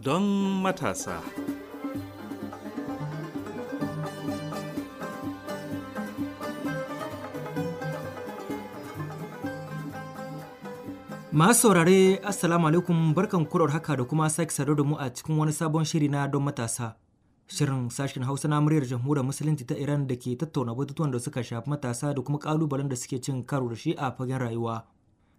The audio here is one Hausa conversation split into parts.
Don matasa Masu saurare, Assalamu alaikum barkan kurar haka da kuma sake sadu da mu a cikin wani sabon shiri na don matasa. Shirin sashen Hausa na muryar jamhuriyar Musulunci ta Iran da ke tattauna batutuwan da suka shafi matasa da kuma kalubalen da suke cin karo da shi a fagen rayuwa.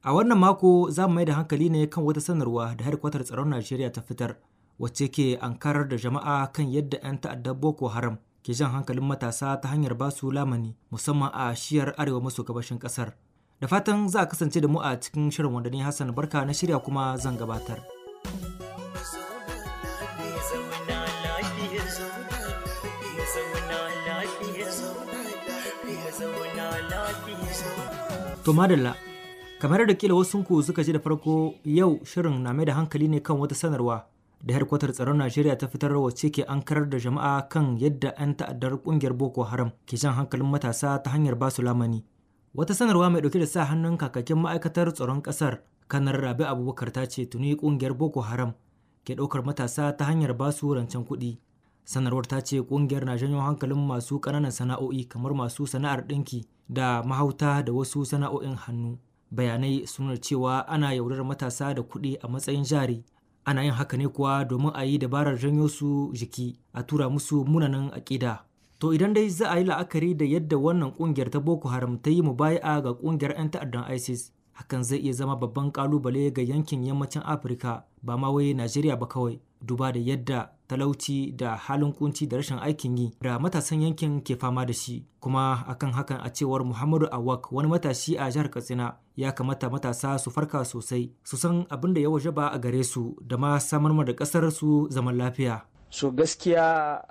A wannan mako za mu mai da hankali ne kan wata sanarwa da harkwatar tsaron Najeriya ta fitar wacce ke ankarar da jama'a kan yadda 'yan ta'addar Boko Haram ke jan hankalin matasa ta hanyar ba su lamani musamman a shiyar arewa maso gabashin kasar. Da fatan za a kasance da mu a cikin shirin wanda ni Hassan Barka na shirya kuma zan gabatar. to madalla kamar da kila wasu ku suka ji da farko yau shirin na mai da hankali ne kan wata sanarwa da harkwatar tsaron Najeriya ta fitar wacce ke ankarar da jama'a kan yadda 'yan ta'addar kungiyar Boko Haram ke jan hankalin matasa ta hanyar ba su lamani. Wata sanarwa mai dauke da sa hannun kakakin ma'aikatar tsaron kasar kanar Rabi Abubakar ta ce tuni kungiyar Boko Haram ke ɗaukar matasa ta hanyar ba su rancen kuɗi sanarwar ta ce kungiyar na janyo hankalin masu ƙananan sana'o'i kamar masu sana'ar ɗinki da mahauta da wasu sana'o'in hannu bayanai suna cewa ana yaudarar matasa da kuɗi a matsayin jari ana yin haka ne kuwa domin a yi dabarar janyo su jiki a tura musu munanan aƙida to idan dai za a yi la'akari da yadda wannan kungiyar ta boko haram ta yi mubaya'a ga kungiyar 'yan ta'addan isis hakan zai iya zama babban ƙalubale ga yankin yammacin afirka ba ma wai najeriya ba kawai duba da yadda talauci da halin kunci da rashin aikin yi da matasan yankin ke fama da shi kuma akan hakan a cewar muhammadu awak wani matashi a jihar katsina ya kamata matasa su farka sosai su san abin da ya waje ba a gare su da ma samar da kasar su zaman lafiya so gaskiya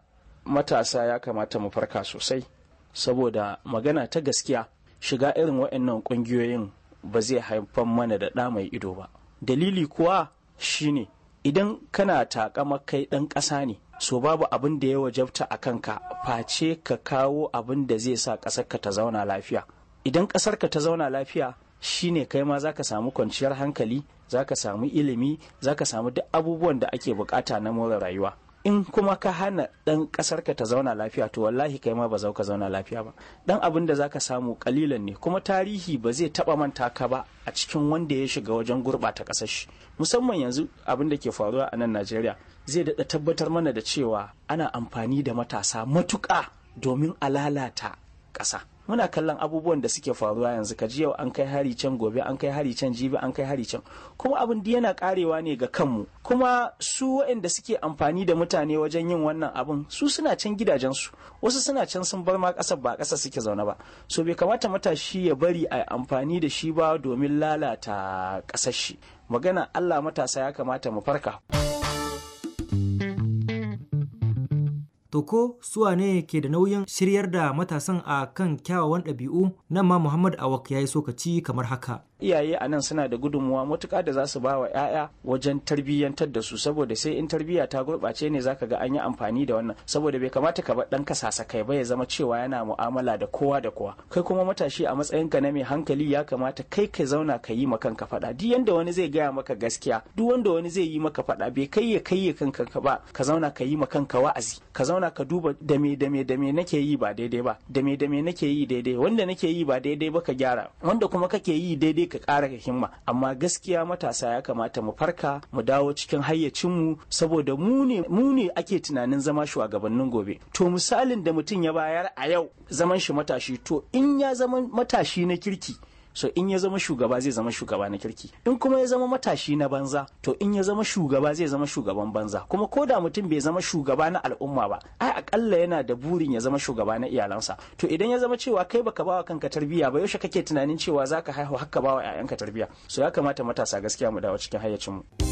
matasa ya kamata mu farka sosai saboda magana ta gaskiya shiga irin waɗannan ƙungiyoyin ba zai haifar mana da ɗa mai ido ba dalili kuwa shine idan kana takama kai ɗan ƙasa ne so babu abin da ya wajabta a kanka face ka kawo abin da zai sa ƙasarka ta zauna lafiya idan ƙasarka ta zauna lafiya shine kai ma za ka samu kwanciyar hankali za ka samu ilimi za ka samu duk abubuwan da ake bukata na more rayuwa in kuma ka hana ɗan ka ta zauna lafiya to wallahi kai ma ba za ka zauna lafiya ba ɗan abin da za ka samu ƙalilan ne kuma tarihi ba zai taɓa manta ka ba a cikin wanda ya shiga wajen gurɓata ƙasar shi musamman yanzu abin da ke faruwa a nan najeriya zai daɗa tabbatar mana da cewa ana amfani da matasa matuƙa domin a lalata ƙasa muna kallon abubuwan da suke faruwa yanzu ka ji yau an kai hari can gobe an kai hari can jibi an kai hari can kuma abin da yana karewa ne ga kanmu kuma su waɗanda suke amfani da mutane wajen yin wannan abin su suna can gidajensu wasu suna can sun bar ma ƙasar ba ƙasar suke zaune ba so bai kamata matashi ya bari a amfani da shi ba domin lalata ƙasar shi magana Allah matasa ya kamata mu farka. To ko suwa ne ke da nauyin shiryar da matasan a kan kyawawan ɗabi'u nan ma Muhammad Awak ya yi sokaci kamar haka. iyaye a nan suna da gudunmuwa matuƙa da za su ba wa 'ya'ya wajen tarbiyyantar da su saboda sai in tarbiyya ta gurɓace ne zaka ga an yi amfani da wannan saboda bai kamata ka bar ɗanka kai ba ya zama cewa yana mu'amala da kowa da kowa kai kuma matashi a matsayin ka na mai hankali ya kamata kai ka zauna ka yi ma kanka faɗa duk yanda wani zai gaya maka gaskiya duk wanda wani zai yi maka faɗa bai kai ya kai ya kanka ba ka zauna ka yi ma kanka wa'azi ka zauna ka duba da me da me da me nake yi ba daidai ba da me da me nake yi daidai wanda nake yi ba daidai ba ka gyara wanda kuma kake yi daidai ka ƙara ka himma amma gaskiya matasa ya kamata mu farka mu dawo cikin hayyacinmu saboda mu ne ake tunanin zama shugabannin gobe to misalin da mutum ya bayar a yau zaman shi matashi to in ya zama matashi na kirki so in ya zama shugaba zai zama shugaba na kirki in kuma ya zama matashi na banza to in ya zama shugaba zai zama shugaban banza kuma ko da mutum bai zama shugaba na al'umma ba ai akalla yana da burin ya zama shugaba na iyalansa to idan ya zama cewa kai baka bawa kanka tarbiyya ba yaushe kake tunanin cewa zaka haihu haka bawa 'ya'yanka tarbiyya so ya kamata matasa gaskiya mu dawo cikin hayyacinmu. mu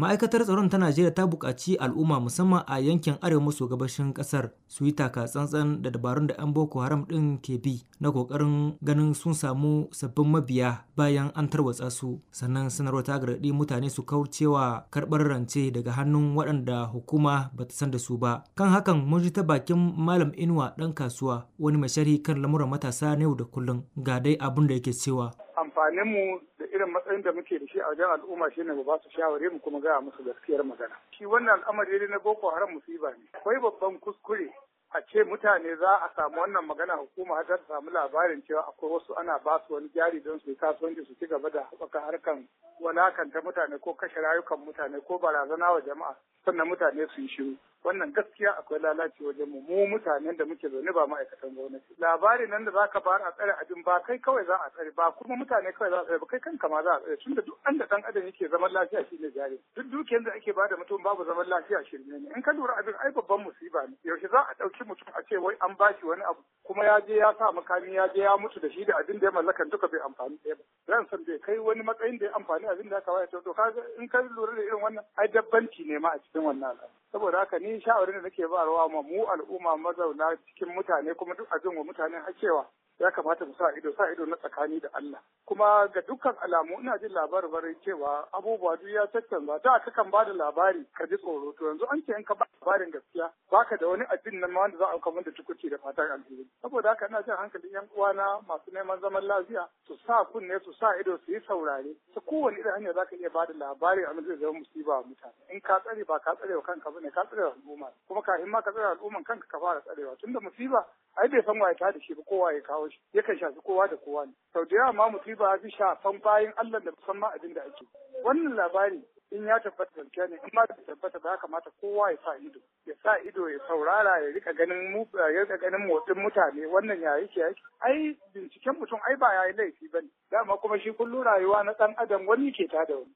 ma'aikatar tsaron ta najeriya ta buƙaci al'umma musamman a yankin arewa maso gabashin ƙasar su yi taka tsantsan da dabarun da 'yan boko haram ɗin ke bi na ƙoƙarin ganin sun samu sabbin mabiya bayan an tarwatsa su sannan sanarwar ta gargaɗi mutane su kaucewa karɓar rance daga hannun waɗanda hukuma ba ta san da su ba kan hakan mun ji ta bakin malam inuwa ɗan kasuwa wani mai sharhi kan lamuran matasa na yau da kullum ga dai abin da yake cewa amfanin mu da irin matsayin da muke da shi a wajen al'umma shi ne mu ba su shawari mu kuma gaya musu gaskiyar magana. Shi wannan al'amari na Boko Haram musiba ne. Akwai babban kuskure a ce mutane za a samu wannan magana hukuma har ta samu labarin cewa akwai wasu ana ba su wani jari don su yi kasuwanci su ci gaba da haɓaka harkan walakanta mutane ko kashe rayukan mutane ko barazana wa jama'a sannan mutane su yi shiru wannan gaskiya akwai lalaci wajen mu mu mutanen da muke zaune ba ma'aikatan gwamnati labari nan da zaka fara a tsare abin ba kai kawai za a tsare ba kuma mutane kawai za a tsare ba kai kanka ma za a tsare tunda duk an da dan adam yake zaman lafiya shine jari duk dukiyar da ake bada mutum babu zaman lafiya shirme ne in ka lura abin ai babban musiba ne yaushe za a ɗauki mutum a ce wai an bashi wani abu kuma ya je ya sa makami ya je ya mutu da shi da abin da ya mallaka duka bai amfani ɗaya ba ran san bai kai wani matsayin da ya amfani abin da aka waya to kaga in ka lura da irin wannan ai dabbanci ne ma a cikin wannan saboda haka ni ni shawarin da nake ba rawa ma mu al'umma mazauna cikin mutane kuma duk abin wa mutane hakewa ya kamata mu sa ido sa ido na tsakani da Allah kuma ga dukkan alamu ina jin labarin cewa abubuwa duk ya tattanza da aka kan bada labari ka ji tsoro to yanzu an ce in ka ba labarin gaskiya baka da wani abin nan ma wanda za a kawo da tukuci da fatan alheri saboda haka ina jin hankalin yan uwana masu neman zaman lafiya su sa kunne su sa ido su yi saurare ta kowane irin hanya zaka iya bada labari a zai zama musiba wa mutane in ka tsare ba ka tsare wa kanka bane ka tsare wa al'umma kuma kafin ma ka tsare al'umman kanka ka fara tsarewa tunda musiba ai bai san waye ta da shi ba kowa ya kawo shi yakan shafi kowa da kowa ne sau da yawa ma musiba fi shafan bayan Allah da musamman abin da ake wannan labari in ya tabbata gaskiya ne in ma da tabbata ba ya kamata kowa ya sa ido ya sa ido ya saurara ya rika ganin mu ya rika ganin motsin mutane wannan ya yake yake ai binciken mutum ai ba yayi laifi ba bane dama kuma shi kullum rayuwa na ɗan adam wani ke ta da wani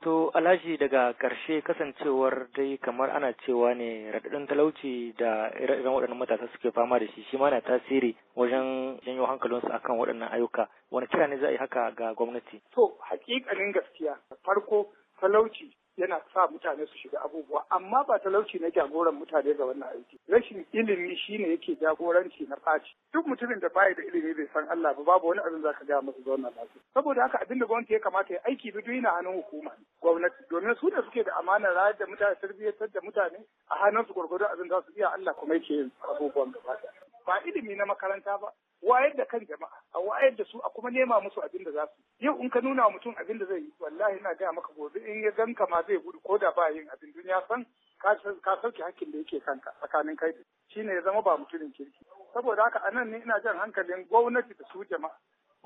To Alhaji daga ƙarshe kasancewar dai kamar ana cewa ne raɗaɗin talauci da irin waɗannan matasa suke fama da shi shi ma na tasiri wajen janyo hankalinsu akan waɗannan ayyuka wani kira ne za a yi haka ga gwamnati. To haƙiƙanin gaskiya farko talauci yana sa mutane su shiga abubuwa amma ba talauci na jagoran mutane ga wannan aiki rashin ilimi shine yake jagoranci na faci duk mutumin da bai da ilimi bai san Allah ba babu wani abin zaka ga masa zauna wannan lafiya saboda haka abin da gwamnati ya kamata ya aiki bidiyo yana hannun hukuma gwamnati domin su da suke da amana rayar da mutane tarbiyyar da mutane a hannun su gurgurdu abin za su iya Allah kuma yake yin abubuwan gaba ba ilimi na makaranta ba wayar da kan jama'a a wayar da su a kuma nema musu abin da za su yau in ka nuna mutum abin da zai yi wallahi ina gaya maka gobe in ya ganka ma zai gudu ko da ba yin abin duniya san ka sauke hakkin da yake kanka tsakanin kai Shi ne ya zama ba mutumin kirki saboda haka anan ne ina jan hankalin gwamnati da su jama'a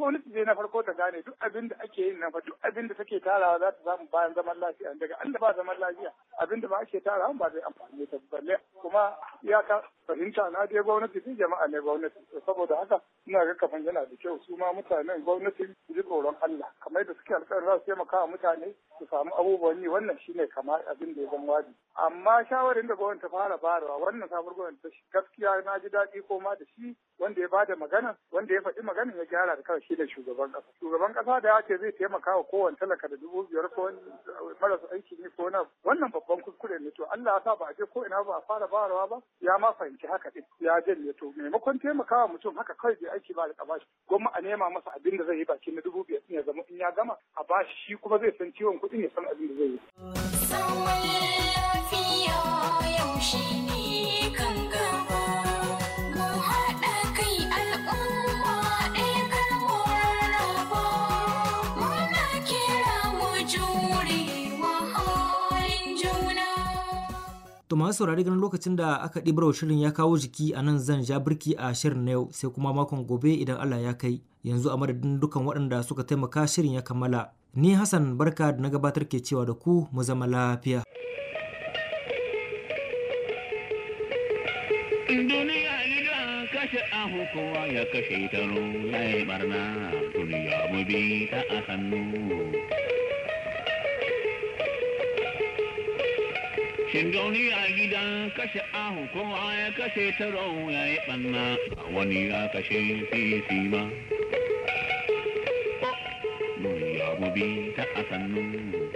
gwamnati dai na farko ta gane duk abin da ake yin nan fa duk abin da take tarawa za ta samu bayan zaman lafiya daga an da ba zaman lafiya abin da ba ake tarawa ba zai amfani ta balle kuma iyaka fahimta na dai gwamnati duk jama'a ne gwamnati saboda haka ina ga kafan yana da kyau su ma mutanen gwamnati su ji tsoron Allah kamar da suke alƙawarin za su taimaka wa mutane su samu abubuwan yi wannan shine kamar abin da ya zama wajibi amma shawarin da gwamnati ta fara barawa wannan sabuwar gwamnati gaskiya na ji daɗi ko ma da shi wanda ya bada magana wanda ya faɗi magana ya gyara da kawai aiki da shugaban kasa shugaban kasa da ya ce zai taimaka wa kowane talaka da dubu biyar ko marasa aiki ne ko na wannan babban kuskure ne to Allah ya sa ba a je ko ina ba a fara barawa ba ya ma fahimci haka ɗin. ya janye to maimakon taimakawa mutum haka kawai bai aiki ba da kabashi gwamma a nema masa abin da zai yi baki na dubu biyar ya zama in ya gama a bashi shi kuma zai san ciwon kuɗi ya san abin da zai yi. Sauwai lafiya yaushe To masu saurari ganin lokacin da aka ɗibar shirin ya kawo jiki a nan zan ja birki a shirin na yau sai kuma makon gobe idan Allah ya kai. Yanzu a madadin dukkan waɗanda suka taimaka shirin ya kammala. Ni Hassan Barka da na gabatar ke cewa da ku mu zama lafiya. Duniya ahu ya kashe ta ya yi barna duniya mu bi ta a hannu. Shin a gidan kashe ahu kowa ya kashe ta ya yi ɓanna wani ya kashe fifi ma. Duniya mu bi ta a sannu